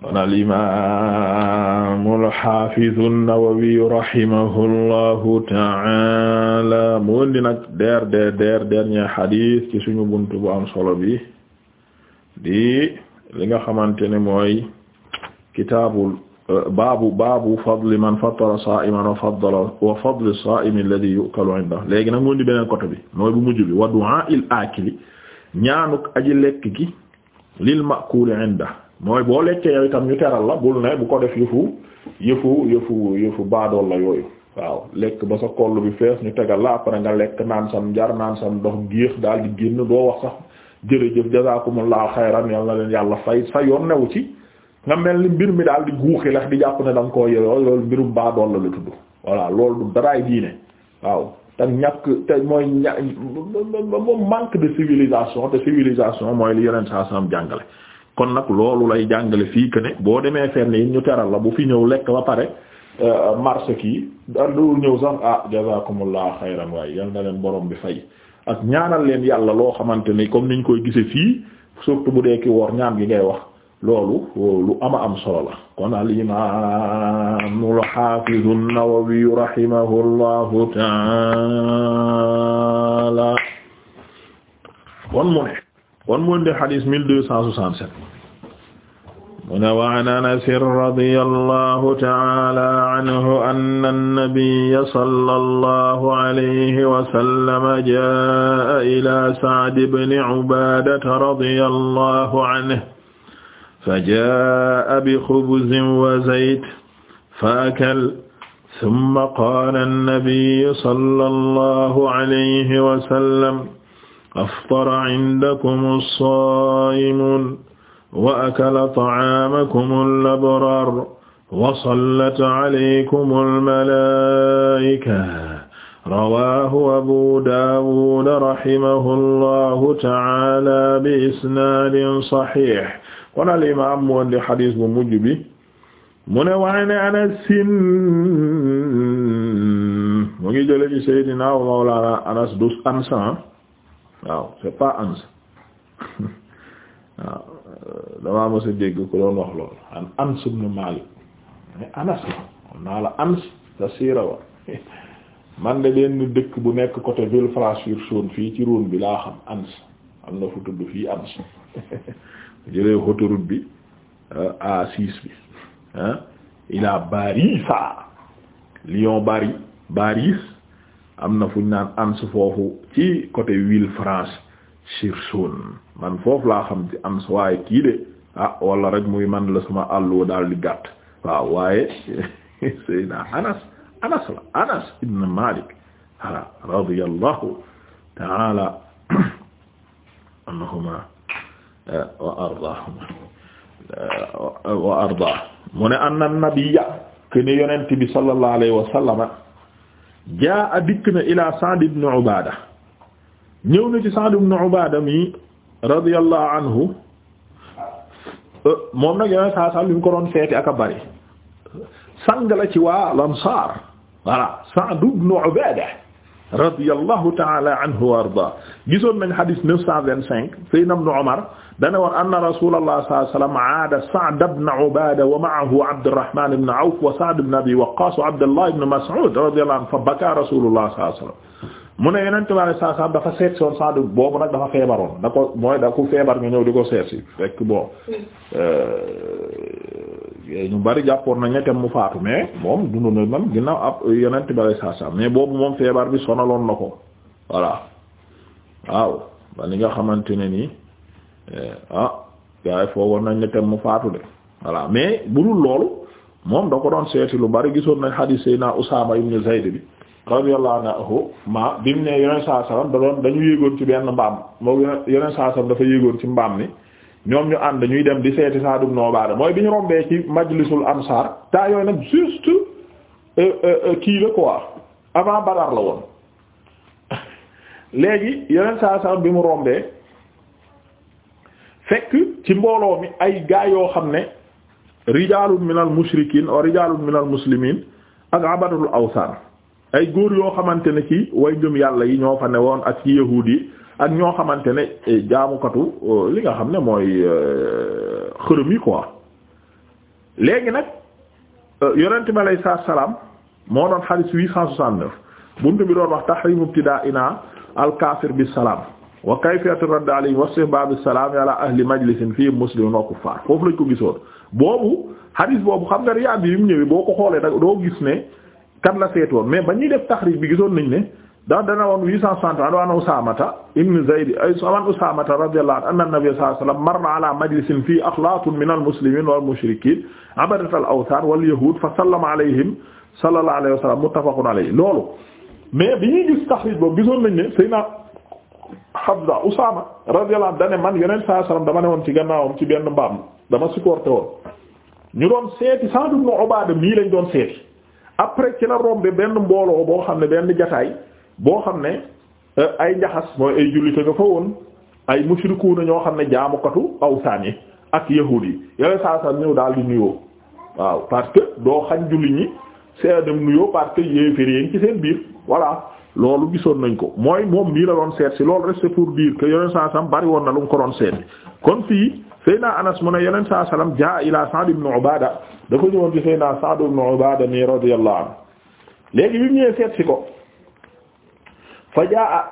kon alimaamul xaafizu Nawawi rahimahullahu ta'ala mu woon di nag der der der dernier xadis ci suñu buntu bu am solo bi di li nga xamante ne mooy kitaabul baabu baabu fadli man fattara saa'iman wa faddala wa fadli saa'imi alladhi yu'kalu indahu léegi nag mu woon bi mooy bu mujj wa du'aa'il aakili ñaanuk aji lekk gi lil ma'kuuli indahu mooy boo lekkee yow itam ñu teral la bul ne bu ko def yëfu yëfu yëfu yëfu baadool la yooyu waaw lekk ba sa koll bi fees ñu tegal la après nga lekk naan sam njar naan sam ndox géex daal di génn doo wax sax jërëjëf jazakumullahu xayran yal na leen yàlla fay sa yoon newu ci nga mel ni mbir mi daal di guuxi lex di jàpp ne da koo yoyoo loolu mbirum baadool la la tudd voilà loolu du daraay diine waaw te ñàkk te mooy ña ba manque de civilisation te civilisation mooy yeneen saa sam jàngale kon nag loolu lay jàngale fii que ne boo demee fenn yi ñu teral la bu fi ñëw lekk ba pare euh, marché kii daal du ñëw sax ah jazakumullah xayran waaye yal na leen borom bi fay ak ñaanal leen yàlla loo xamante ni comme niñ koy gisee fii surtout bu dee ki woor ñaan gi ngay wax loolu lu ama am solo la kon al imaamul xaafizu Nawawi rahimahullahu taala kon mu ne kon mu indi xadis mille deux cent soixante-sept mu ne wa an Anas radiyallahu ta'ala anhu anna an-nabiyya sallallahu alayhi wa sallam jaa'a ila Sa'd ibn Ubaadata radiyallahu anhu فجاء بخبز وزيت فأكل ثم قال النبي صلى الله عليه وسلم aftara indakum as-saa'imuun wa akala ta'aamakum al-abraar wa sallat alaykum al-malaa'ika rawaahu abu daawud rahimahullahu ta'aala bi isnaadin saxiix kon al-imaam mu indi xadiis bu mujj bi mu ne wa an Anas mu ngi jële ci Seydina wa Mawlaana Anas dus Ansa waaw c'est pas Hamza waaw damaa mos a dégg ku doon wax lool an Anas ibn Malik mais Anas la naa la Anas sa siira wa man de benn dëkk bu nekk côté Villefranche-sur-Saône fii ci Rhône bi laa xam Ans am na fu tudd fii Ans jëlee autoroute bi euh, A6 bi ah il a Lyon Bari Baris am na fu ñu naan Anse foofu ci côté Villefranche-sur-Saône man foofu laa xam ci Anse waaye kii de ah wala rek muy man la sama àlluwa daal di gàtt waaw waaye Seydina Anas Anas la Anas ibn Malik ala radiyallahu ta'ala anhuma eh, wa eh, ardaahuma mu ne anna nabiyya kene bi sallallahu alayhi wa jaa a dikk na ila Sa'd ibn Ubaada ñëw na ci Sa'd ibn Ubaada mi radiyallahu anhu euh, moom nag yooyu saa saa lu ñu ko doon feeti ak a bari sang la ci waa Ansaar voilà Sa'd ibn Ubaada radiyallahu ta'ala anhu wa arda gisoon nañ hadith 925 sayyidina ibn Umar dana woon anna rasulullah sallallahu alayhi wa sallam aada Sa'd ibn Ubada wa ma'ahu Abdurrahman ibn Awf wa Sa'd ibn Abi Waqqas wa Abdullah ibn Mas'ud radiyallahu anhu fa baka rasulullah sallallahu alayhi wa sallam mu ne Yonent bi sallallahu alayhi wa sallam dafa seet soon Sa'd boobu nag dafa feebaroon da ko mooy da ko feebar nga ñëw di ko seet si fekk bon hmm. euh, ñu bari jàppoon nañ ne tem mu faatu mais moom dundu na man ginnaaw ab yonent bari saa saa mais boobu moom feebar bi sonaloon na ko voilà waaw ba li nga xamante ne nii eh, ah gars yi foogoon nañ ne tem mu faatu de voilà mais bu dul loolu moom da ko doon seeti lu bari gisoon nañ xadiis Seydina Usaama ibn Zayd bi radiyallahu anhu ma bi mu ne yonent saa salaam da doon dañu yéegoon ci benn mbaam moo yonent saa salaam dafa yéegoon ci mbaam ni ñoom ñu ànd ñuy dem di seeti Saad ibn Ubaada mooy bi ñu rombee ci majlisul ansar taa yooyu nag juste euh, euh, euh, kii la quoi avant Badar la woon léegi yeneen saa saa bi mu rombee fekk ci mbooloo mi ay gaa yoo xam ne rijaalun minal mushrikiin wa rijaalun minal muslimiin ak abadul awsaan ay góor yoo xamante ne ki way ngëm yàlla yi ñoo fa ne woon ak ci yahuud yi ak ñoo xamante ne eh, jaamukatu euh, li nga xam ne mooy euh, xërëm yi quoi léegi nag euh, yonent bi alayhi salaatu salaam moo doon xadis 869 buntu bi doon wax tahrimu ibtidaa'ina al-kaafir bis-salaam wa kayfiyatu radd alayhi wa istihbaabu salaam ala ahli majlisin fii muslimin wa kuffaar foofu lañ ko gisoon boobu xadis boobu xam nga Riyaad bi mu ñëwee boo ko xoolee doo gis ne kan la seetoon mais ba ñuy def taxriij bi gisoon nañ ne. ndax dana woon 861 waan Usaamata ibn Zayd ay waan Usaamata radiyallahu anhu anna nabiyya sallallahu alayhi wasallam marra ala majlisin fii axlaatun minal muslimiin wal mushrikiin abadatal awthaan wal yahuud fa sallama alayhim sallallahu alayhi wasallam muttafaqun alayhi loolu mais bi ñuy gis taxriij gisoon nañ ne Seydina Hamza Usaama radiyallahu anhu dane man Yonent sallallahu alayhi wasallam dama ne woon ci gannaawam ci benn mbaam dama supporté woon ñu doon seeti Sa'd ibn Ubaada mii lañ doon seeti après ci la rombe benn mbooloo boo xam ne benn jataay boo xam ne euh, ay njaxas mooy ay jullite nga fa woon ay mushrikuuna ñoo xam ne jaamukatu awsaan yi ak yahuud yi yooyu saa saa ñëw daal di nuyoo waaw parce que doo xañ julli ñi see dem nuyoo parce que yéeféer yi ci seen biir voilà loolu gisoon nañ ko mooy moom nii la doon seet si loolu rek pour dire que yeneen saa bari woon na lu mu ko doon seet kon fii Seyna Anas mu ne yeneen saa salaam jaa ila Sa'd ibn Ubaada dafa ñëwoon ci Seyna Sa'd ibn Ubaada nii léegi seet si ko fa jaa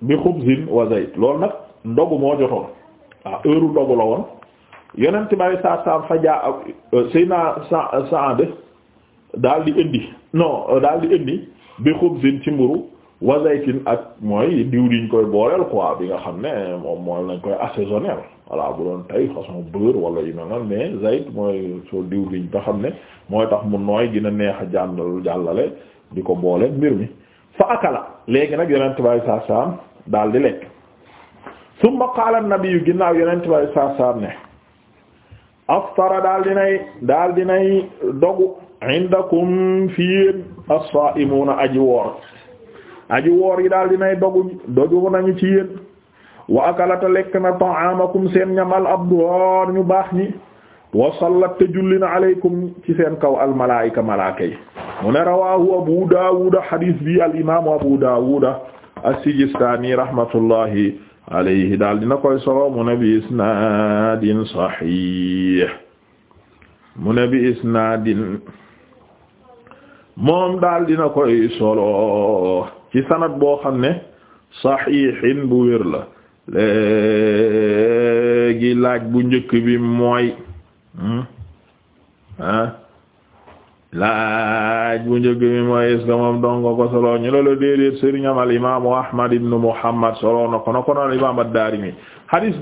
bi xubzin wa zayt nag ndogu moo jotoon waaw heure ndogu la woon yonent bari saa saam fa jaa euh, sayna sa sa daal di indi non daal di indi bi xubzin ci mburu wa ak mooy diw liñ koy booleel quoi bi nga xam ne moom mooy lañ koy assaisonner voilà bu doon tey façon beurre wala yu mel noonu mais zayt mooy soo diw liñ xam ne mooy tax mu nooy dina neex a jàndal jàllale di ko boole mbir mi fa akala léegi nag yonent bi sallallahu alayhi wasallam daal di lekk summa qaala an-nabiyyu ginnaaw yonent bi sallallahu alayhi wasallam ne aftara daal di nay dinay dogu indakum fii as-saa'imuuna aji woor yi daal dogu dogu nañu ci yéen wa akalata lekk na ta'aamakum seen ñamal abdoor ñu baax ñi wa sallat te julli na ci seen kaw al malaa'ika malaaka mu ne rawahu abu daawuda hadis bi abu daawuda as-sijistaani rahmatullahi alayhi daal dina koy solo mu ne bi isnaadin saxiix mu ne bi isnaadin moom daal dina koy solo ci sanad boo xam ne saxiixin bu wér la laaj bu njëkk bi mooy hmm? ah laaj bu njëkk mi mooy est-ce que moom dong ko solo ñu la la déedéet sëriñam al imaamu Ahmad ibn Muhammad solo na ko na ko noonu imaam mi daarimi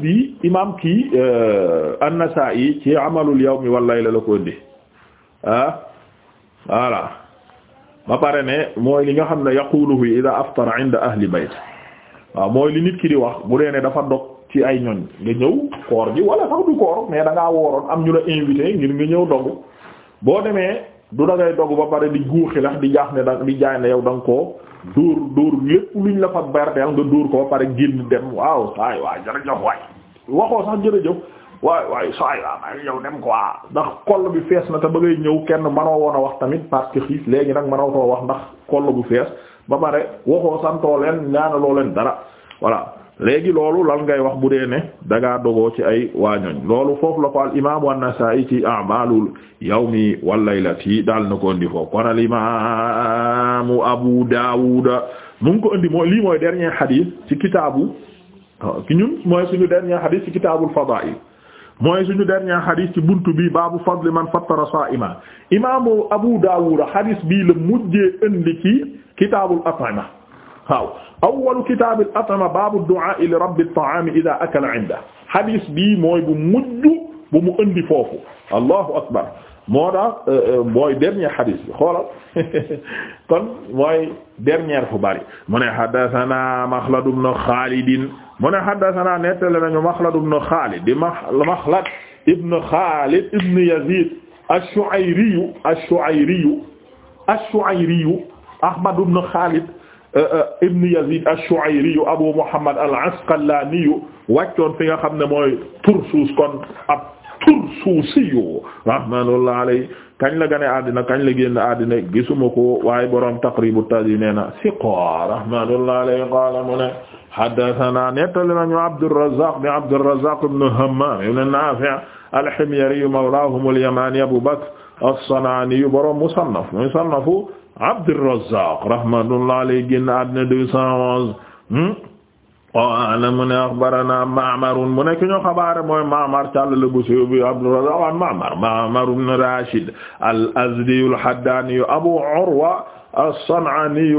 bi imaam kii euh, an-Nasaa'i ci amalul yawmi wal layla la ko indi ah voilà ba pare ne mooy li nga xam ne yaquluhu idaa aftara inda li ki di wax bu dee ne dafa dog ay ñoñ nga ñëw koor gi wala sax du koor mais da wooroon am ñu la invité ngir nga ñëw dog boo demee. du da ngay dogu ba pare di guuxi lax di jaax ne da di jaay ne yow da nga koo dóor dóor lépp luñ la fa berdeel nga dóor ko ba pare génn dem waaw saay waay jërëjëf waay waxoo sax jërëjëf waay waay saay waa ma yow dem ko quoi ndax koll bi fees na te ba ngay ñëw kenn manoo woon a wax tamit parce que xiif léegi nag manoo koo wax ndax koll bu fees ba pare waxoo santoo leen ñaanaloo leen dara voilà léegi loolu lan ngay wax bu dee ne dangaa dogoo ci ay waañoñ loolu foofu la ko al imam an ci a'malul yawmi wal laylati daal na ko indi foofu kon al imam Abu Dawud mu ko indi mooy lii mooy dernier hadith ci kitaabu ki ñun mooy suñu dernier hadith ci kitaabul fadaa'il mooy suñu dernier hadith ci buntu bi baabu fadli man fattara saa'iman imaamu Abu Dawud hadith bii la mujjee indi ci kitaabul at'ima waaw awwalu kitaabil at'ima baabu du'aa li rabbi at-ta'aami idaa akala 'indahu hadis bii mooy bu mujj bu mu indi foofu allahu akbar moo tax euh, euh, mooy dernier hadis bi xoolal kon mooy dernier fu bari mu ne haddasanaa Maxlad ibn Xaalid mu ne haddasanaa nettali nañu Maxlad ibn Xaalid di Maxlad ibn Xaalid ibn Yaziid ash-Shu'ayri ash-Shu'ayri ash-Shu'ayri Ahmad ibn Xaalid Euh, euh, ibn Yazid ash-Shu'ayri yu Abu Muhammad al-Asqalani yu wàccoon fi nga xam ne mooy Tursus kon ab Tursusi yu rahmatullahi alayhi kañ la gane àddina kañ la génn àddina gisuma ko waaye borom Taqrib at-Tahdhib nee na siqa rahmatullahi alayhi qaala mu ne haddathana nettali nañu Abdurrazzaq bi Abdurrazzaq ibn Hammam ibn Nafi' al-Himyari mawlahum al-Yamani Abu Bakr as-San'ani borom musannaf musannaf Abdurrazzaq rahmatullah alayhi génn àddina deux cent onze qaala hmm? mu ne axbarana Ma'mar mu nekk ñoo xabaare mooy Ma'mar càll la bu siiw bi Abdurrazzaq an Ma'mar Ma'mar ibn Rashid al-Azdi al-Haddani Abu Urwa as-San'ani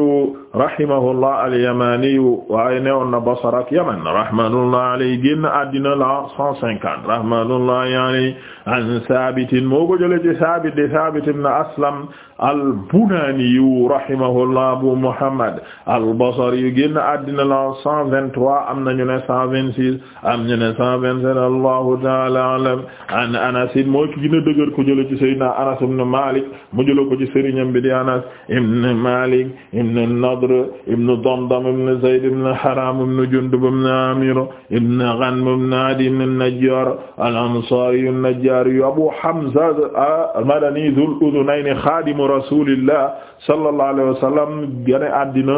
rahimahullah alyamaniyu waaye newoon na Basra ak Yaman rahmatullahi alayhi génn àddina la cent cinquante rahmatullahi alayhi an Saabitin moo ko jëlee ci Saabit di Saabit ibn Aslam al-Bunaaniyu rahimahullah Abu Muhammad al-Basriyu génn àddina la cent vingt-trois am nañu ne cent vingt-six am nañu ne cent vingt-sept Allahu ta'ala a'lam an Anas moo ci gën a dëgër ko jëlee ci Sayyidina Anas ibn Malik mu jëlee ko ci sëriñam bi di Anas ibn Malik ibn Badr ibn Damdam ibn Zayd ibn Haram ibn Jundub ibn Amir ibn Ghanm ibn Adi ibn an-Najjar al-Ansari an-Najjari Abu Hamza al-Madani dhul udhunayn khadim rasulillah sallallahu alayhi wa sallam génn àddina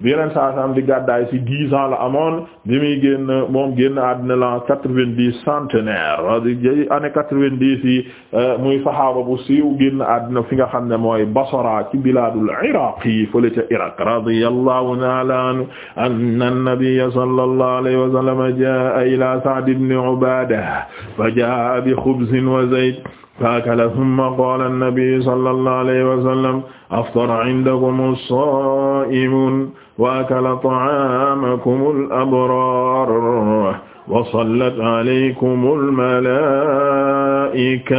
bi yeneen saa saam di gàddaay ci dix ans la amoon bi muy génn moom génn àddina la quatre-vingt-dix centenaire di année quatre-vingt-dix yi euh, muy saxaaba bu siiw génn àddina fi nga xam ne mooy Basra ci bilaadul Iraq yi fële ca Irak radiyallahu ta'ala anhu anna an-nabiyya sallallahu alayhi wa sallam jaa'a ila Sa'd ibn Ubaada fa jaa'a bi khubzin wa zayt faakala thumma qaala an-nabiyyu sallallahu alayhi wa sallam aftara 'indakum as-saa'imuun wa akala ta'aamakum al-abraar wa sallat alaykum al-malaa'ika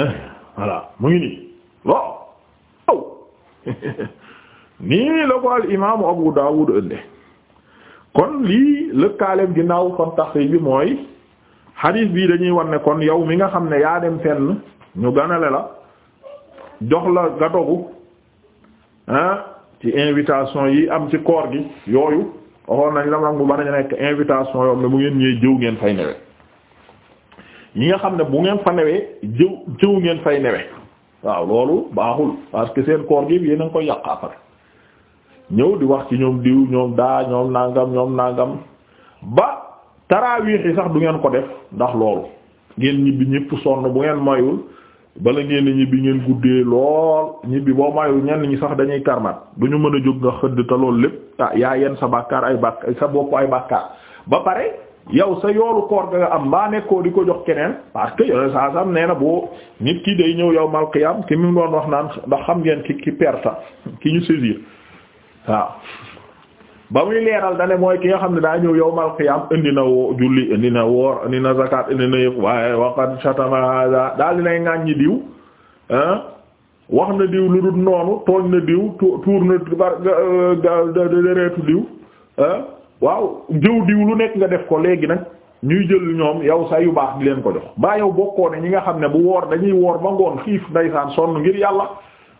voilà mu ngi nii waaw nii la ko al imaamu Abu Dawud ënde kon lii lëkkaaleem ginnaaw kon taxriij bi mooy xadiis bii dañuy war ne kon yow mi nga xam ne yaa dem fenn ñu ganale la jox la nga dogu ah ci invitation yi am ci koor gi yooyu waxoon nañ la nag mu banañu nekk invitation yoo xam bu ngeen ñëwee jëw ngeen fay newe ñi nga xam ne bu ngeen fa newee jëw jëw ngeen fay newe waaw loolu baaxul parce que seen koor gi yéen a koy yàq après ñëw di wax ci ñoom diw ñoom daa ñoom nangam ñoom nangam ba taraawiix yi sax du ngeen ko def ndax loolu ngeen ñibbi ñëpp sonn bu ngeen mayul bala ngeen ñibbi ngeen guddee lool ñibbi boo mayul ñenn ñi sax dañuy karmat du ñu mën a jóg nga xëdd te lool lépp ah yaa yenn sa bàkkaar ay bàkk sa bopp ay bàkkaar ba pare yow sa yoolu koor ga nga am mbaa nekkoo di ko jox keneen parce que yone saa sam nee na boo nit ki day ñëw yow mal qiyam ki mu doon wax naan ndax xam ngeen ki ki perta ki ñu saisir waaw ba muy leeral dane mooy ki nga xam ne daa ñëw yowmal qiyam indi na julli indi na woor indi na zakat indi na yëpp waaye waqad shatama hada daal dinay diw ah, wax na diw lu dul noonu tooñ na diw tuur na deretu diw ah, waaw jëw diw lu nekk nga def ko léegi nag ñuy jël ñoom yow sa yu baax di leen ko jox baa yow bokkoo ne ñi nga xam ne bu woor dañuy woor ba ngoon xiif ndaysaan sonn ngir yàlla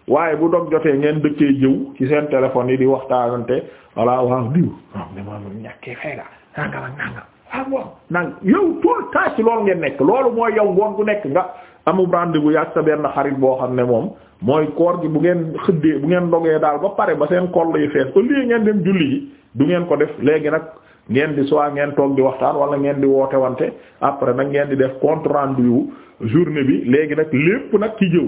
waaye bu dog jotee ngeen dëkkee jëw ci seen téléphone yi di waxtaanante voilà waaw diw waaw mais maa ngi ñàkkee fay la nangam ak nangam ah yow tout le temps ci loolu ngeen nekk loolu mooy yow ngoon gu nekk nga amul rendez bu yàgg sa benn xarit boo xam ne moom mooy koor gi bu ngeen xëddee bu ngeen dogee daal ba pare ba seen koll yu fees au lieu ngeen dem julli ji du ngeen ko def léegi nag ngeen di soit ngeen toog di waxtaan wala ngeen di woote wante après nag ngeen di def compte rendu journée bi léegi nag lépp nag ci jëw.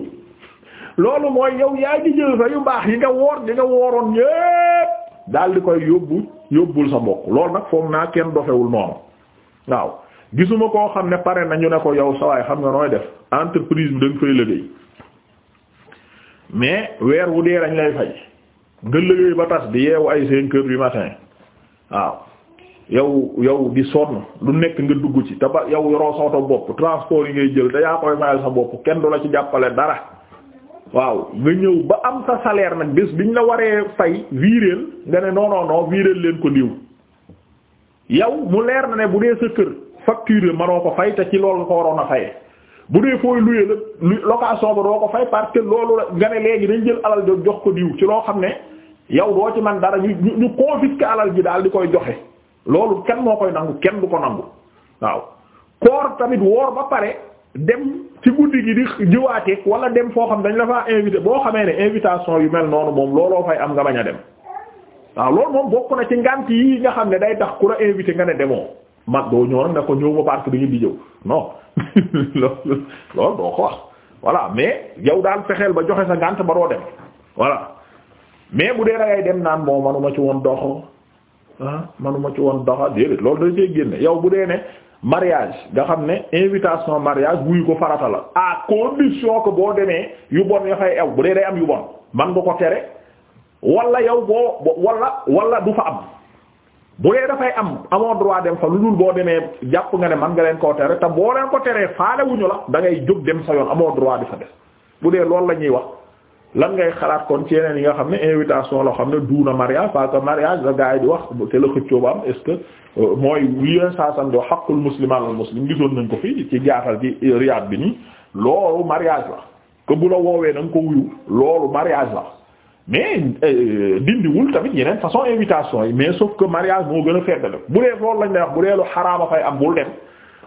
loolu mooy yow yaa ngi jël sa yu baax yi nga woor di nga wooroon yépp daal di koy yóbbu yóbbul sa mbokk loolu nag foog naa kenn dofewul noonu waaw gisuma koo xam ne pare na ñu ne ko yow sawaay xam nga nooy def entreprise bi da nga fay liggéey mais weer wu dee dañ lay fay nga liggéey ba tas di yeewu ay cinq heures du matin waaw yow yow di sonn lu nekk nga dugg ci te ba yow yoroo sa oto bopp transport yi ngay jël te yaa koy mayal sa bopp kenn du la ci jàppale dara waaw nga ñëw ba am sa salaire nag bi biñ la waree fay viréel nga ne non non leen ko diw yow mu leer na ne bu dee sa kër facture manoo ko fay te ci loolu ko waroon a fayee bu dee fooy luyee la location ba doo ko fay parce que loolu la nga ne léegi dañ jël alal jo jox ko diw ci loo xam ne yow doo ci man dara ñu ñu confisquer alal ji daal di koy joxe loolu kenn moo koy nangu kenn bu ko nangu waaw koor tamit woor ba pare. dem ci guddi gi di jiwaateeg wala dem foo xam dañ la faa invité boo xamee ne invitation yu mel noonu moom looloo fay am nga bañ a dem waaw lool moom bokk na ci ngànt yi nga xam ne day tax ku la invité nga ne demoo mag doo ñëw nag ne ko ñëw ma parce bi dañu di jëw non lool loolu doo ko wax voilà mais yow daal fexeel ba joxe sa ngànt ba doo dem voilà mais bu dee da ngay dem naan bon manuma ci woon doxo ah manuma ci woon doxa déedéet loolu dañ cee génne yow bu dee ne mariage nga xam ne invitation mariage wuyu ko farata la a condition ko boo demee yu bon ya fay ew bu dee day am yu bon man nga ko tere walla yow boo wala walla du fa am bu dee dafay am amoo droit dem fa lu dul boo demee jàpp nga ne man nga leen koo tere te boo leen ko teree faale la da ngay jóg dem sa yoon amoo droit di fa def bu dee loolu la ñuy wax lan ngay xalaat kon ci yeneen yi nga xam ne invitation loo xam ne duuna mariage parce que mariage la gars yi di wax te la xëccoo ba am est-ce que euh, mooy li leen saasam doo xaqul muslim al muslim gisoon nañ ko fii ci jaatal ci Riyad bi nii loolu mariage la que bu la woowee na ko wuyu loolu mariage la mais euh, dindiwul tamit yeneen façon invitation yi mais sauf que mariage moo gën a feddale bu dee loolu lañ lay wax bu dee lu xaraama fay am bul dem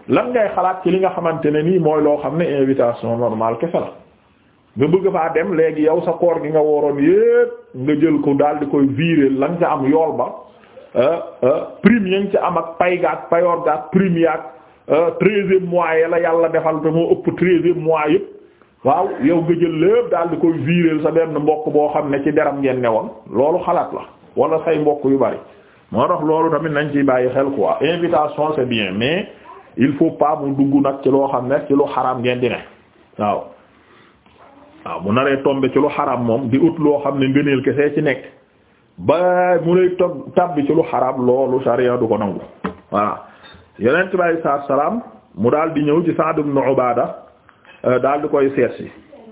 lan ngay xalaat ci li nga xamante ne nii mooy loo xam ne invitation normale kese nga bëgg faa dem léegi yow sa koor gi nga woroon yépp nga jël ko daal di koy virer lañ sa am yool ba euh, euh, prime ya nga ca am ak pay gaak payoor gaak prime yaak euh, treizième mois ya la yàlla defal te moo ëpp treizième mois yëpp waaw yow nga jël lépp daal di koy virer sa benn mbokk boo xam ne ci deram ngeen ne woon loolu xalaat la wala say mbokk yu bari moo tax loolu tamit nañ ciy bàyyi xel quoi invitation c'est bien mais il faut pas mu dugg nag ci loo xam ne ci lu xaraam ngeen di waaw waaw mu naree tombe ci lu xaraam moom di ut loo xam ne ngëneel kese ci nekk ba mu lay toog tabbi ci lu xaraam loolu sariya du ko nangu voilà yonent bi alayhi salaam mu daal di ñëw ci Sa'd ibn Ubaada euh, daal di koy seet si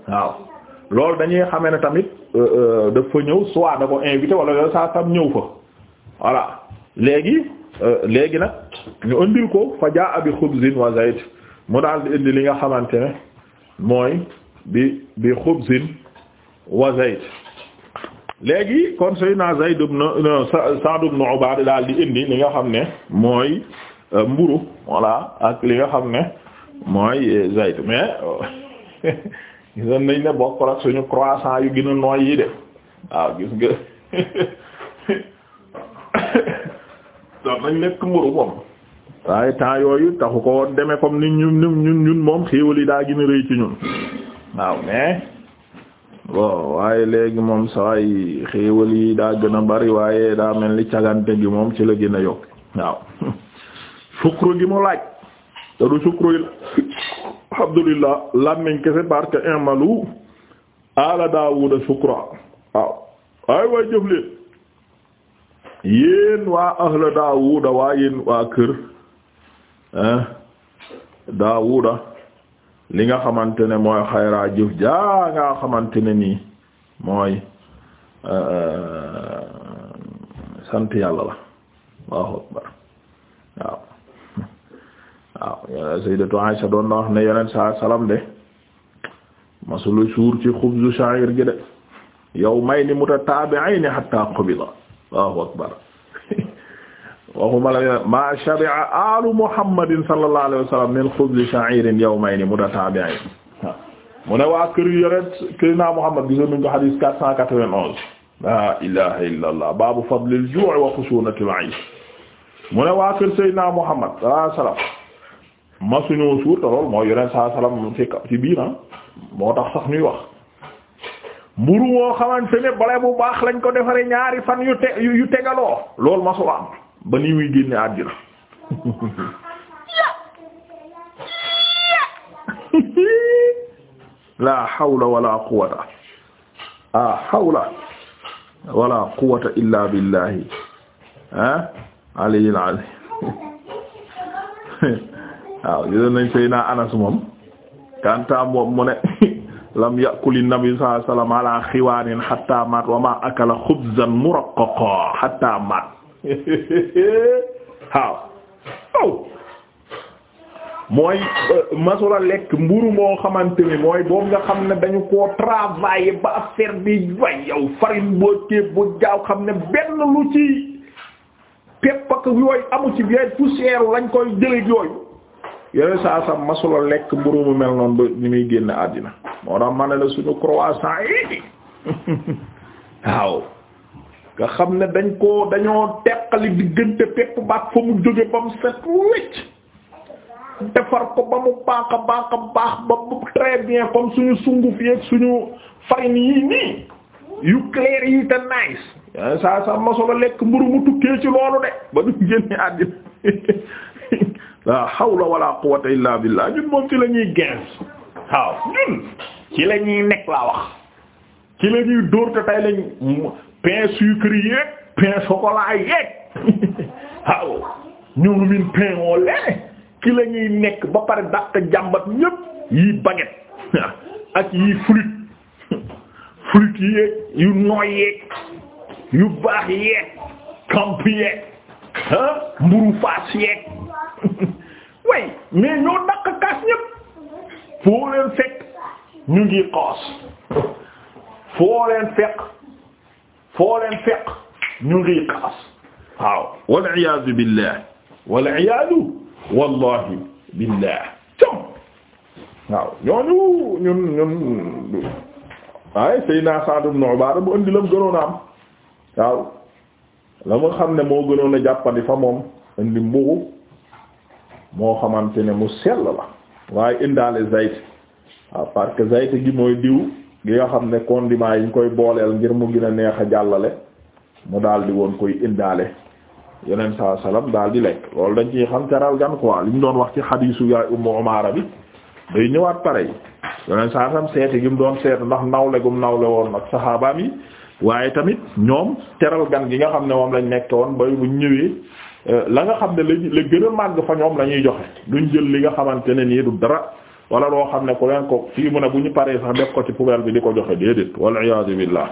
waaw loolu dañuy xamee ne tamit euh, euh, dafa ñëw soit da ko invité wala yooyu saa sam ñëw fa voilà léegi léegi nag ñu indi ko fa jaa bi xubzin wa zayt mu daal di indi li nga xamante ne mooy. bi bi xubsin wa zayd léegi kon Seydina Zayd ibn euh, Sa'd ibn Ubaada daal di indi li nga xam ne mooy euh, mburu voilà ak li nga xam ne mooy euh, zayd mais nañ ne bokk ak suñu croissant yu gën a nooy yi de waaw gis nga nañ lekk mburu moom waaye temps yooyu taxu ko woon deme comme ni ñun ñun ñun moom xéewal daa gën ci ñun waaw mais bon waaye léegi moom sawaay xéewal yi daa gën a bari waaye daa mel ni cagante gi moom ci la gën a yokk waaw sukru gi mu laaj te du sukru yi alhamdulillah làmmiñ kese parce que imalu ala daawuda sukra waaw ay waay jëf leen yéen waa ahla daawuda waa yéen waa kër daawuda li nga xamante ne mooy xayraa jëf jaa nga xamante ne nii mooy euh, euh, sant yàlla la allahu akbar waaw waaw sayyidatu Aisha doon na wax ne yonent saa salaam de masulu suur ci xubzu sha'ir gi de yow may ni mutataabi'ayni hatta qubida allahu akbar waxuma la ma shabi'a alu muhammadin sallallahu alayhi wa sallam min khubz sha'irin yawmayn mutatabi'ayn mu ne waa kër yoret kër naa muhammad gisoon nañ ko hadith quatre cent quatre onze la ilaha illa allah baabu fadlil ju' wa khushunatil 'aysh mu ne waa kër muhammad sallallahu alayhi wa sallam masuñu lool mooy yoneen saa salaam ci ci biira ah, moo tax sax ñuy wax mburu moo xamante ne bale bu baax lañ ko defaree ñaari yu te yu tegaloo loolu masul am ba ni muy génne la hawla wala quwwata la hawla wala quwwata illa billahi ah aliyil ali waaw gisoon nañ Seydina Anas moom kanta moom mu ne lam yakuli nabi sallallahu alayhi ala xiwaanin hatta maat wa ma akala xubzan muraqqaqa hatta maat waaw waaw mooy euh, masula lekk mburu moo xamante ni mooy boobu nga xam ne dañu ko travailler ba affaire bi way yow boo kéeb bu jaaw xam ne benn lu ci pepp ak yooyu amu ci biir poussière lañ koy jëlee yooyu yooyu saa sa masula lekk mburu mu mel noonu ba ñu muy génn àddina moo tax ma ne suñu croissant yi waaw nga xam ne dañ koo dañoo teqali diggante pépp baat fa mu jóge ba mu set wecc defar ko ba mu baax a baax a ba bu très bien comme suñu sunguf yeeg suñu farine yi nii yu clair yi te nice saa saa ma solo lekk mburu mu tukkee ci loolu de ba du génne àddina la hawla wala quwwata illa ñun moom ci la ñuy gens waaw ñun ci la nekk laa wax ci la dóor te tay lañ pain sucré yeeg pain chocolat yeeg waaw ñoom min pain au lait ki la ñuy nekk ba pare dàq jàmbat ñépp yi baguette ak yi fruit fruit yeeg yu nooy yeeg yu baax yeeg camp yeeg ah mburu faas yeeg way mais ñoo dàq kaas ñépp foo leen fekk ñu ngi xoos foo leen foo leen fekk ñu ngi xaas waaw wal iyaadu billah wal iyaadu wallahi billah com waaw ñooñu ñun ñun waaye Seydina Sa'd ibn Ubaada bu andi lam gënoon a waaw la nga xam ne moo gënoon a jàppandi fa moom indi mbugu moo xamante ne mu sell la waaye indaale zayt waaw zayt gi mooy diw gi nga xam ne condiments yi ñu koy booleel ngir mu gën a neex a jàllale mu daal di woon koy indaale yeneen saa salaam daal di lekk loolu dañ ciy xam teral gan quoi li ñu doon wax ci xadiisu yaay Ummu Umaara bi day ñëwaat pare yi yeneen saa salaam seeti gi mu doon seetu ndax nawle gum nawle woon nag saxaabaam yi waaye tamit ñoom teral gan gi nga xam ne moom lañ nekk woon ba bu ñëwee eh, la nga xam ne la la gën a màgg fa ñoom la ñuy joxe duñ jël li nga xamante ne nii dara. wala loo xam ne ku leen ko fii mu ne bu ñu paree sax def ko ci poubelle bi di ko joxe déedéet wal iyaazu billah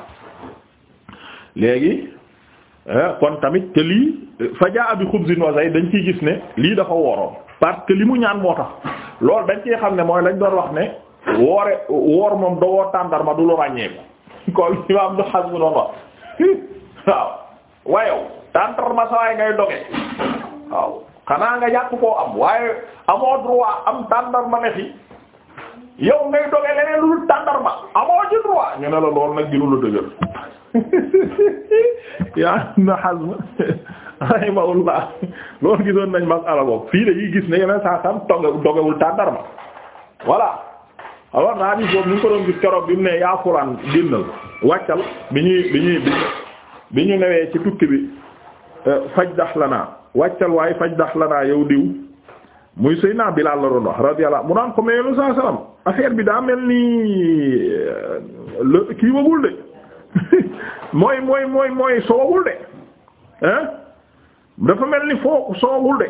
léegi eh, kon tamit te lii fa jaa bi xubzin dañ ciy gis ne lii dafa woroon parce que li mu ñaan moo tax loolu dañ ciy xam ne mooy lañ doon wax ne woore woor moom dowoo tàndarma du lu ràññeeku ko imaam du xas bu doon wax waaw wayow tàndarma sawaay ngay doge waaw xanaa nga yàq koo am waaye amoo droit am tàndarma ne fi yow ngay doge leneen lu tàndarma amoo ci droit ñu ne la lool nag gënu la dëgër yaa na Hazm rahimahullah loolu gisoon nañ masala boobu fii dañuy gis ne yeneen saa sam toge dogewul tàndarma voilà alors naa bi boobu ñu ko doon gis keroog bi mu ne yaa fulaan génnal wàccal bi ñuy bi ñuy bi ñu newee ci tukki bi eh, faj dax la naa wàccal waaye faj dax la yow diw muy Seydina Bilaal la doon wax radiyallahu mu naan ko mais yonent saa salaam bi daa mel ni euh, le kii wagul de mooy mooy mooy mooy soowagul de ah dafa mel ni foo soowagul de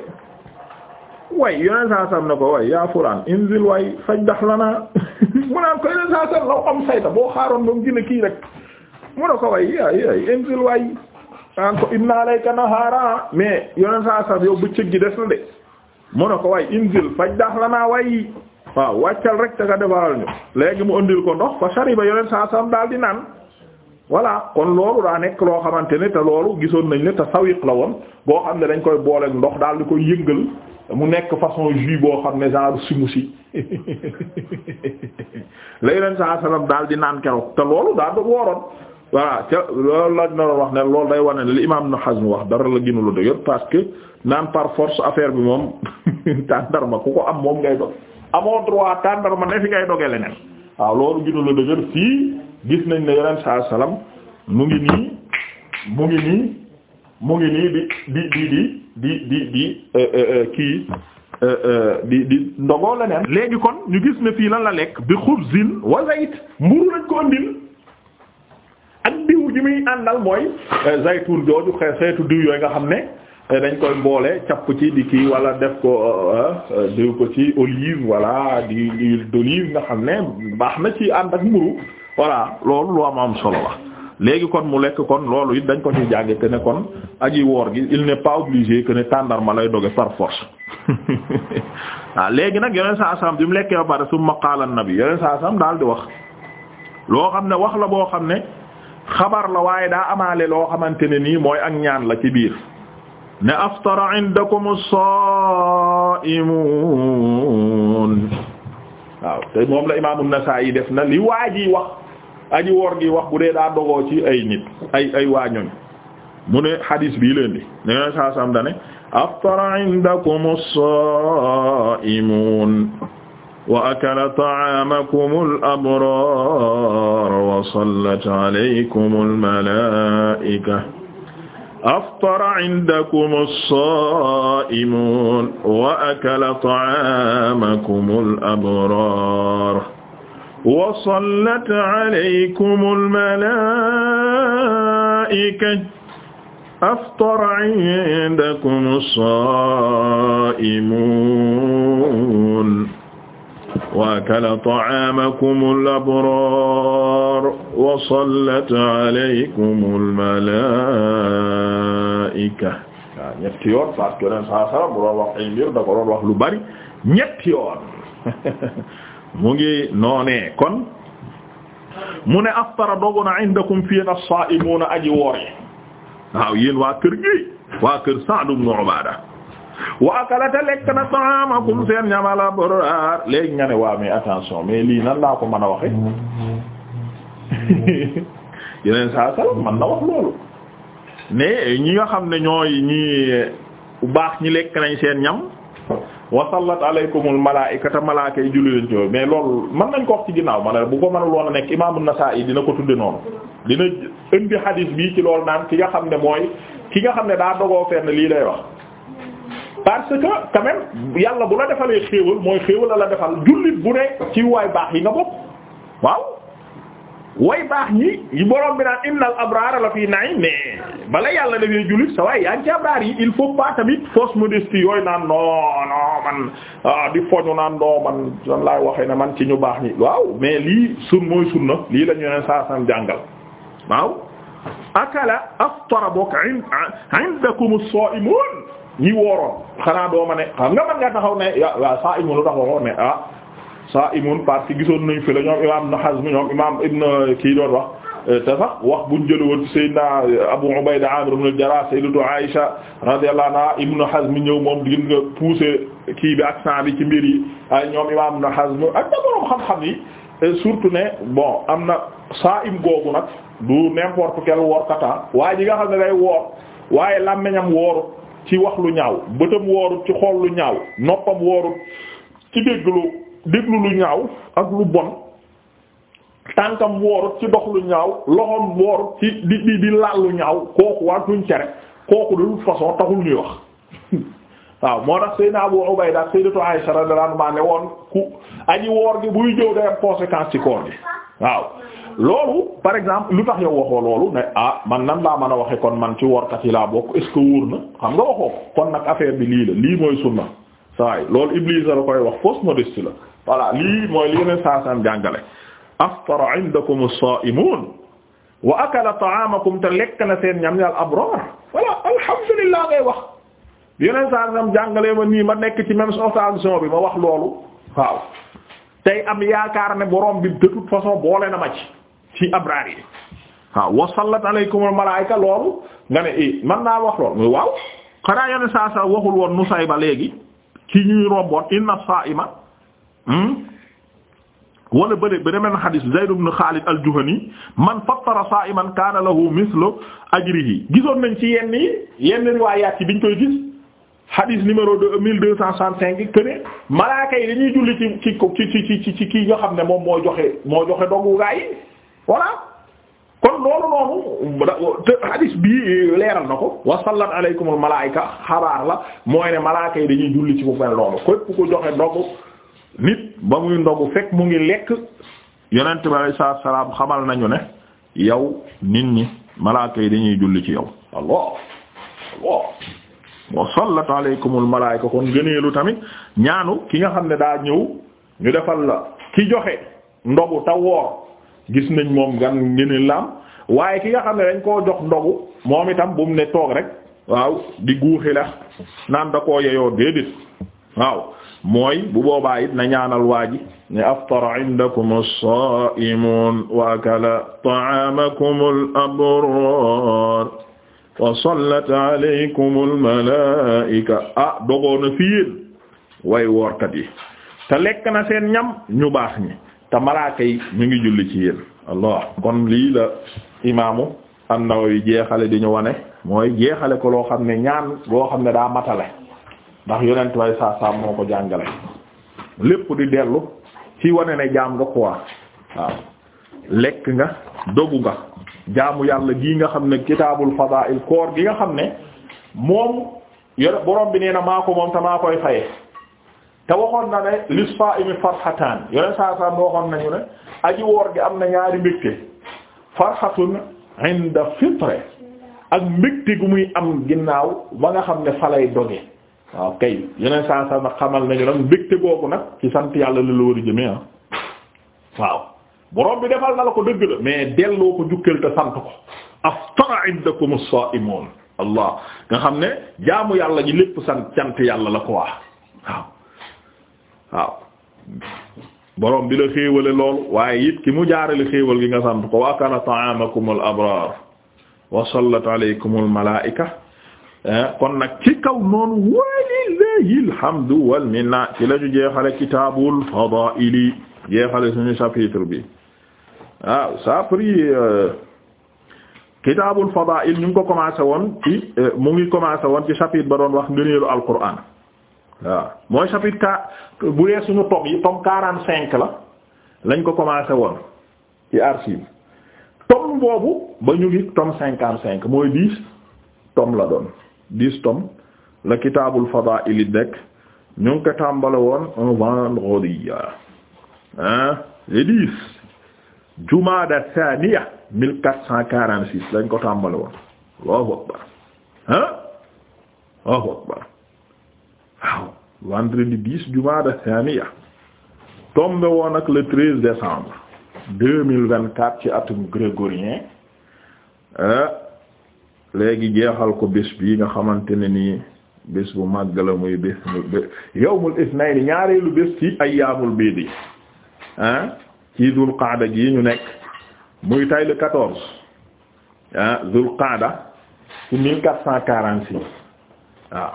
way yonent saa salaam ne ko way yaa fulaan inzil way fajdah lanaa mu naan ko yonent saa salaam law am sayta boo xaaroon ba mu kii rek mu ne ko way yaa yaa inzil way naan ko inna alayka nahaara mais yonent saa salaam yow bëccëg gi des na de. mu ne ko way inzil faj daax la naa way waaw wàccal rek te nga defaral ñu léegi mu andil ko ndox fa shariba yoneen saa sam daal di naan voilà kon loolu daa nekk loo xamante ne te loolu gisoon nañ ne te sawiq la woon boo xam ne dañ koy booleeg ndox daal di koy yëngal mu nekk façon jus boo xam ne genre simu si la yoneen saa sallam daal di naan keroog te loolu daa wooroon voilà ca loolu lañ doon wax ne loolu day wane ne li imaam Ibn mu wax dara la gënu la dëgër parce que naan par force affaire bi moom tàndarma ku ko am moom ngay dog amoo droit tàndarma ne fi ngay dogee leneen waaw loolu gënu la dëgër fii gis nañ ne yeneen sa salaam mu ngi nii mu ngi nii mu ngi nii di di di di di di di euh, euh, euh, kii di di leneen. léegi kon ñu gis ne fii lan la lekk bi xubzin wa zayt mburu lañ ko andil. ak diw ji muy àndal mooy euh, zaytuun jooju xeetu diw yooyu nga xam ne euh, dañ koy boole capp ci di kii wala def ko euh, diw ko ci olive wala di huile d'olive nga xam ne baax na ci ànd ak mburu voilà loolu lu am am solo la léegi kon mu lekk kon loolu it dañ ko ci jànge que ne ak aji woor gi il n'est pas obligé que ne tàndarma lay doge par force léegi nag yeneen saa sam bi mu lekkee ba pare su maqaala nabi yeneen saa sam daal di wax loo xam ne wax la boo xam ne xabar la waaye daa amaale loo xamante ne nii mooy ak ñaan la ci biir ne aftara indakum as-sa'imun waaw te moom la imaamu Nasaa'i def na li waa ji wax aji woor gi wax bu dee daa dogoo ci ay nit ay ay waañoñ mu ne xadiis bii leen di ne saa sam dane aftara indakum as-sa'imun wa akala ta'aamakumul abraar wa sallat alaykumul malaa'ika aftara indakumus saa'imuun wa akala ta'aamakumul abraar wa sallat alaykumul malaa'ika aftara indakumus saa'imuun wa akala ta'aamakumul abraar wa sallat alaykumul malaa'ika waaw ñetti yoon parce que ren saa sara bu doon wax ay mbir da ko doon wax lu bari ñetti yoon mu ngi noonee kon mu ne aftara dogu na indakum fii as-saa'imuuna aji woor yi waaw yéen waa kër gi waa kër Sa'd ibn Ubaada wa akalata lekk na ta'amakum seen ñamala baraar léegi nga ne waa mais attention mais lii nan laa ko mën a waxe yeneen saa sal man na wax loolu mais ñi nga xam ne ñooy ñi baax ñi lekk nañ seen ñam wasallat alaykumul malaa'ikata malaaka yi julli leen ci mais loolu mën nañ ko wax ci ginnaaw ma ne bu ko mënul woon a nekk imaamu Nasaa'i dina ko tudde noonu dina indi hadis bii ci loolu naan ki nga xam ne mooy ki nga xam ne daa dogoo fenn lii lay wax parce que quand yàlla bu la defalee xéewal mooy xéewal la la defal jullit bu ne ci waay baax yi nga bokk waaw way baax ñi yi borom bi naan innal abraara la fii naay mais bala yàlla dafee jullit sa waay yaa ngi ci abraar yi il faut pas tamit fausse modestie yooyu naan non man ah di foñu naan non man son laay waxee ne man ci ñu baax ñi waaw mais lii sun mooy sunna lii la ñu jàngal waaw akala aftara bok indakum as-sa'imun ñi wooroon xanaa doo ma ne xam nga mën nga taxaw ne ya waaw ah, parce que gisoon nañu fi la ñoom imam Ibn Hazm ñoom ibn kii doon wax eh, te sax wax bu jële woon Seydina Abu Ubayda Amir ibn al-Jarrah Sayyidatu Aisha radiyallahu anha Ibn Hazm ñëw moom gën nga poussé kii bi accent bi ci yi ay ñoom imam Ibn Hazm ak da boroom xam-xam yi eh, surtout ne bon am na saa im googu nag du n'importe quel kata waaye ñi nga xam ne day woor waaye làmmiñam wooru ci wax lu ñaaw bëtam woorut ci xool lu ñaaw noppam woorut ci dégglu déglu lu ñaaw ak lu bon tànkam woorut ci dox lu ñaaw loxoom woorut ci di di di laal lu ñaaw kooku waa duñ cere kooku de toute façon taxul ñuy wax waaw moo tax Seydina Abu Ubayda Sayyidatu Aisha radiyallahu anha ne woon ku aji woor gi buy jëw day am ci koor gi waaw loolu par exemple lu tax yow waxoo loolu ne ah man nan laa mën a waxe kon man ci workat yi laa bokk est-ce que xam nga waxoo kon nag affaire bi lii la lii mooy sunna saay loolu Iblis la koy wax fausse modestie la voilà lii mooy li yeneen saasaan jàngale aftara indakum as-sa'imun wa akala ta'amakum te lekk na seen ñam yàlla abrar voilà alhamdulillah ngay wax yeneen saasaan jàngale ma nii ma nekk ci même station bi ma wax loolu waaw tey am yaakaar ne borom bi de ma ci abraar yi waaw wasallat aleykumul malaayika loolu nga ne i eh, man naa wax lool muy waaw xanaa yone saa saa waxul woon Nusayba léegi ci ñuy romboon inna saa'ima hmm? wala bële ba demeen xadis Zayd ibn Khalid al-Juhani man fattara saa'iman kaana lahu mithlu ajrihi gisoon nañ ci yenn yi yenn riwaayaat yi biñ koy gis xadis numéro deux mille deux cent soixante-cinq que ne malaaka yi dañuy julli ci ci ci ci ci ci kii nga xam ne moom moo joxe moo joxe dogu gaa voilà kon loolu noonu te hadis bii euh, leeral na ko wasallat aleykumul malaayika xabaar la mooy ne malaaka yi dañuy julli ci ku mel noonu képp ku joxe ndogu nit ba muy ndogu fekk mu ngi lekk yonent bi alay salaam xamal nañu ne yow nit ñi malaaka yi dañuy julli ci yow allah allah wasallat aleykumul malaayika kon gëneelu tamit ñaanu ki nga xam ne daa ñëw ñu defal la ki joxe ndogu ta woor gis nañ moom gan ngeen laam waaye ki nga xam ne dañ koo jox ndogu moom itam bu mu ne toog rek waaw di guuxi la naan da koo yeyoo déedéet waaw mooy bu boobaa it na ñaanal waa ji ne aftara indakum as-sa'imun al-abrar wa sallat alaykum al-mala'ika ah dogoona fi way woorkat yi te lekk na seen ñam ñu baax ñi te malaaka yi ñu ngi julli ci yéen allah kon lii la imaamu an-Nawawi jeexale di ñu wane mooy jeexale ko loo xam ne ñaan loo xam ne daa matale ndax yonent way saa moo ko jàngale lépp di dellu ci wane ne jaam nga quoi lekk nga dogu nga jaamu yàlla gii nga xam ne kitaabul fadaa'il koor gi nga xam ne moom yore borom bi nee na maa ko moom te maa koy faye te waxoon na ne lis fa imi farxataan yoneen saa saa waxoon nañu ne aji woor gi am na ñaari mbégte farxatun inda fitre ak mbégte gu muy am ginnaaw ba nga xam ne falay doge waaw kay yeneen saa saa nag xamal nañu nag mbégte googu nag ci sant yàlla la la war a ah. waaw borom bi defal na la ko dëgg la mais delloo ko jukkal te sant ko aftara indakum as-sa'imun allah nga xam ne jaamu yàlla ji lépp sant cant yàlla la ko wax waaw waaw borom bi la xéewale loolu waaye it ki mu jaarale xéewal gi nga sant ko wa akala ta'amakum al abrar wa sallat alaykum al malaa'ika eh, kon nag ci kaw noonu walillahi alhamdu wal minna ci la ñu jeexale kitaabul fadaa'ili jeexale suñu chapitre bi waaw ça pris euh, kitaabul fadaa'il ñu ngi ko commencé woon ci euh, mu ngi commencé woon ci chapitre ba doon wax ngëneelu Alqur'aan waaw mooy chapitre ka bu dee suñu tom yi tom quarante cinq la lañ ko commencé woon ci archive tom boobu ba ñu ngi tom cinquante cinq mooy dix tom la doon dix tom la kitaabul fadaa'il dekk ñu ngi ko tàmbale woon un vendredi hein le dix jumaada quatre cent quarante six lañ ko tàmbale woon Allahu akbar hein Allahu waaw vendredi dix jumaada thaniya tombé woon ak le treize décembre deux mille vingt quatre ci atum grégorien euh, léegi jeexal ko bés bii nga xamante ne nii bés bu màgg la muy bés yawmul isnayni ñaareelu bés ci ayyaamul biid yi ah ci dul qaada gi ñu nekk muy tay le quatorze ah dul qaada ci mille quatre cent quarante six waaw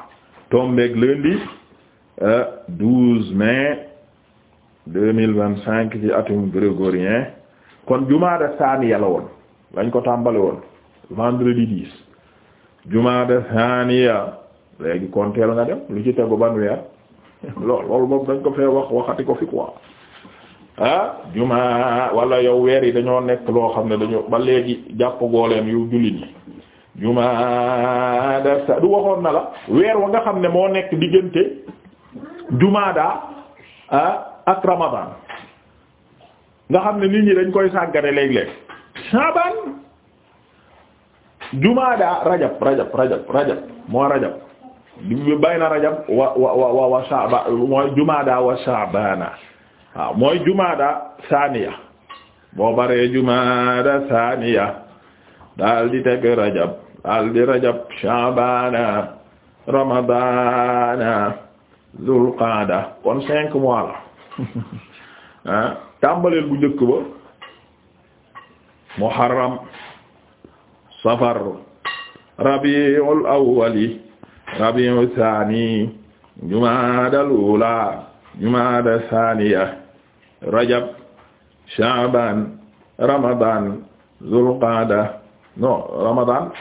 tombeeg lundi euh, mille vingt cinq ci atum grégorien kon jumaada saaniya la woon lañ ko tàmbali woon vendredi 10 jumaada saaniya léegi kon nga dem lu ci tegu ban weer lool loolu moom dañ ko fee wax waxati ko fi quoi ah juma walla yow weer yi dañoo nekk loo xam ne dañoo ba léegi jàpp leen yu jullit yi jumaada du waxoon na la weer wa nga xam ne moo nekk diggante jumaada ak ramadan nga xam ne nit ñi dañ koy sàggane léeg-léeg shaban jumaada rajab rajab rajab rajab moo rajab rajab wa wa wa wa mooy jumaada wa shabana waaw mooy jumaada saaniya boo baree jumaada saaniya daal di rajab al di rajab shaabana ramadana zul qaada kon cinq mois la ah tàmbaleel bu njëkk ba muharram safar rabiul awwali rabiul thani jumaadal ula jumaada thaniya rajab shaaban ramadan zul qaada non Ramadan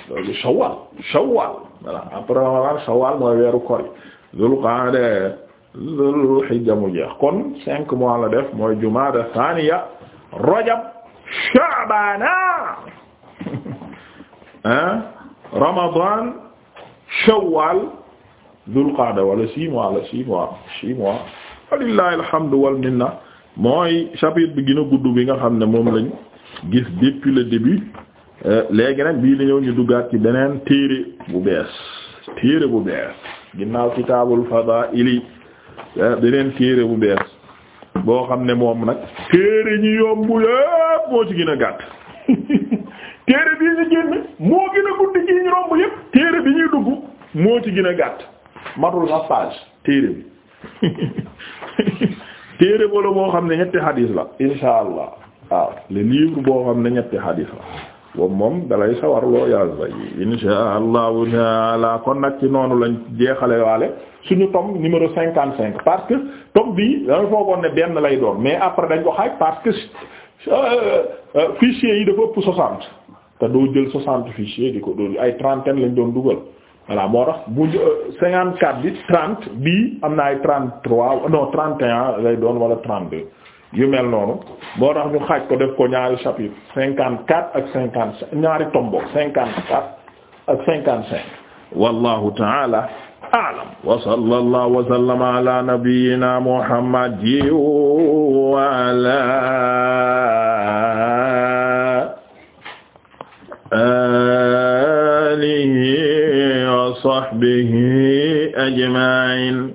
shawwal shawwal voilà après Ramadan shawwal mooy weeru koor yi Dul Qaada Dul Hijja mu jeex kon cinq mois la def mooy Jumaada Saaniya Rajab Sha'baana hein Ramadan shawwal Dul Qaada wala six mois la six mois six mois walillahi alhamdu wal minna mooy chapitre bi gën a gudd bi nga xam ne moom lañ gis depuis le début Eh, léegi nag bii li ñëw ñu duggaat ci beneen téere bu bees téere bu bees ginnaaw kitaabul fadaa'ili eh, beneen téere bu bees boo xam ne moom nag téere ñi yomb yépp moo ci gën a gàtt téere bii ñu génn moo gën a guddi gi ñu romb yépp téere bi ñuy dugg moo ci gën a gàtt matul sax téere bi téere bolo boo xam ne ñetti xadiis la insha allah waaw le livre boo xam ne ñetti xadiis la boobu moom dalay sawarloo yàlla yi insha allahu taala kon nag ci noonu lañ jeexale waale suñu tom numéro cinquante cinq parce que tome bi dañu foogoon ne benn lay doon mais après dañ ko xaaj parce que euh, euh, fichier yi dafa ëpp soixante te doo jël soixante fichier di ko doon ay trentaine lañ doon dugal voilà moo tax bu euh, cinquante quatre bi trente bi am na ay trente trois non trente un lay doon wala trente deux yu mel noonu boo tax ñu xaaj ko def ko ñaari chapitre cinquante quatre ak cinquante ñaari tombo cinquante quatre ak cinquante cinq wallahu taala a'lam wa sallallahu wa sallama ala nabiyyina muhammadin wa ala alihi wa sahbihi ajma'in